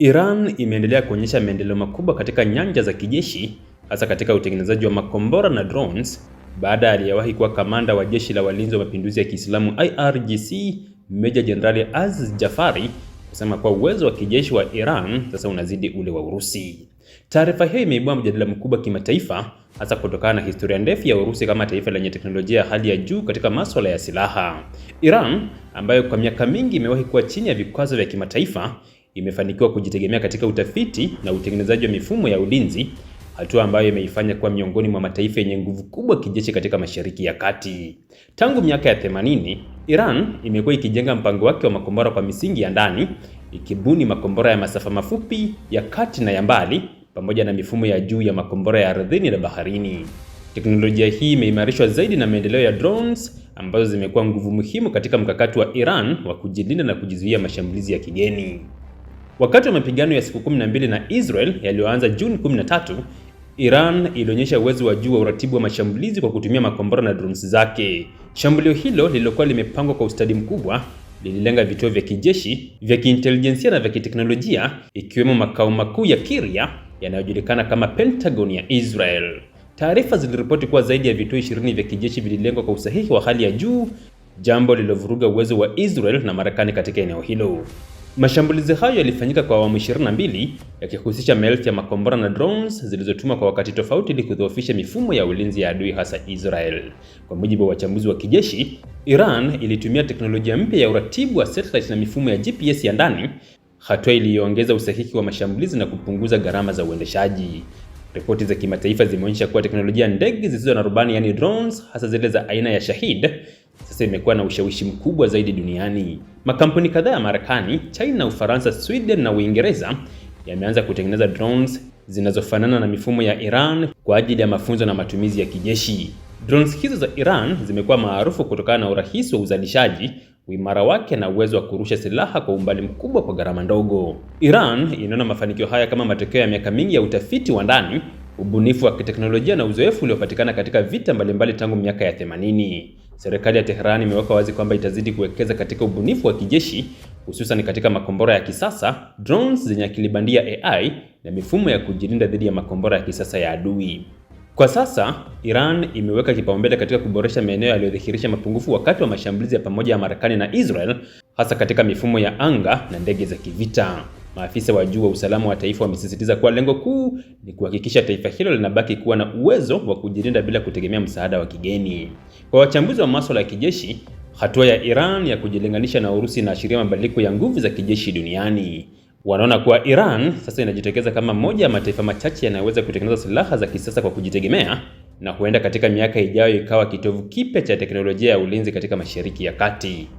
Iran imeendelea kuonyesha maendeleo makubwa katika nyanja za kijeshi hasa katika utengenezaji wa makombora na drones baada ya aliyewahi kuwa kamanda wa jeshi la walinzi wa mapinduzi ya Kiislamu IRGC Meja Jenerali Aziz Jafari kusema kuwa uwezo wa kijeshi wa Iran sasa unazidi ule wa Urusi. Taarifa hiyo imeibua mjadala mkubwa kimataifa hasa kutokana na historia ndefu ya Urusi kama taifa lenye teknolojia ya hali ya juu katika masuala ya silaha. Iran ambayo kwa miaka mingi imewahi kuwa chini ya vikwazo vya kimataifa imefanikiwa kujitegemea katika utafiti na utengenezaji wa mifumo ya ulinzi, hatua ambayo imeifanya kuwa miongoni mwa mataifa yenye nguvu kubwa kijeshi katika Mashariki ya Kati. Tangu miaka ya 80, Iran imekuwa ikijenga mpango wake wa makombora kwa misingi ya ndani, ikibuni makombora ya masafa mafupi, ya kati na ya mbali, pamoja na mifumo ya juu ya makombora ya ardhini na baharini. Teknolojia hii imeimarishwa zaidi na maendeleo ya drones ambazo zimekuwa nguvu muhimu katika mkakati wa Iran wa kujilinda na kujizuia mashambulizi ya kigeni. Wakati wa mapigano ya siku 12 na Israel yaliyoanza Juni 13, Iran ilionyesha uwezo wa juu wa uratibu wa mashambulizi kwa kutumia makombora na drones zake. Shambulio hilo lililokuwa limepangwa kwa ustadi mkubwa lililenga vituo vya kijeshi, vya kiintelijensia na vya kiteknolojia ikiwemo makao makuu ya Kiria yanayojulikana kama Pentagon ya Israel. Taarifa ziliripoti kuwa zaidi ya vituo 20 vya kijeshi vililengwa kwa usahihi wa hali ya juu, jambo lililovuruga uwezo wa Israel na Marekani katika eneo hilo. Mashambulizi hayo yalifanyika kwa awamu 22 yakihusisha maelfu ya makombora na drones zilizotumwa kwa wakati tofauti ili kudhoofisha mifumo ya ulinzi ya adui hasa Israel. Kwa mujibu wa wachambuzi wa kijeshi, Iran ilitumia teknolojia mpya ya uratibu wa satellite na mifumo ya GPS ya ndani, hatua iliyoongeza usahihi wa mashambulizi na kupunguza gharama za uendeshaji. Ripoti za kimataifa zimeonyesha kuwa teknolojia ndege zisizo na rubani, yani drones, hasa zile za aina ya Shahid sasa imekuwa na ushawishi mkubwa zaidi duniani. Makampuni kadhaa ya Marekani, China, Ufaransa, Sweden na Uingereza yameanza kutengeneza drones zinazofanana na mifumo ya Iran kwa ajili ya mafunzo na matumizi ya kijeshi. Drones hizo za Iran zimekuwa maarufu kutokana na urahisi wa uzalishaji, uimara wake na uwezo wa kurusha silaha kwa umbali mkubwa kwa gharama ndogo. Iran inaona mafanikio haya kama matokeo ya miaka mingi ya utafiti wa ndani, ubunifu wa kiteknolojia na uzoefu uliopatikana katika vita mbalimbali tangu miaka ya 80. Serikali ya Tehran imeweka wazi kwamba itazidi kuwekeza katika ubunifu wa kijeshi, hususan katika makombora ya kisasa, drones zenye akili bandia AI na mifumo ya kujilinda dhidi ya makombora ya kisasa ya adui. Kwa sasa Iran imeweka kipaumbele katika kuboresha maeneo yaliyodhihirisha mapungufu wakati wa mashambulizi ya pamoja ya Marekani na Israel, hasa katika mifumo ya anga na ndege za kivita. Maafisa wa juu wa usalama wa taifa wamesisitiza kuwa lengo kuu ni kuhakikisha taifa hilo linabaki kuwa na uwezo wa kujilinda bila kutegemea msaada wa kigeni. Kwa wachambuzi wa masuala ya kijeshi, hatua ya Iran ya kujilinganisha na Urusi inaashiria mabadiliko ya nguvu za kijeshi duniani. Wanaona kuwa Iran sasa inajitokeza kama moja ya mataifa machache yanayoweza kutengeneza silaha za kisasa kwa kujitegemea na huenda katika miaka ijayo ikawa kitovu kipya cha teknolojia ya ulinzi katika Mashariki ya Kati.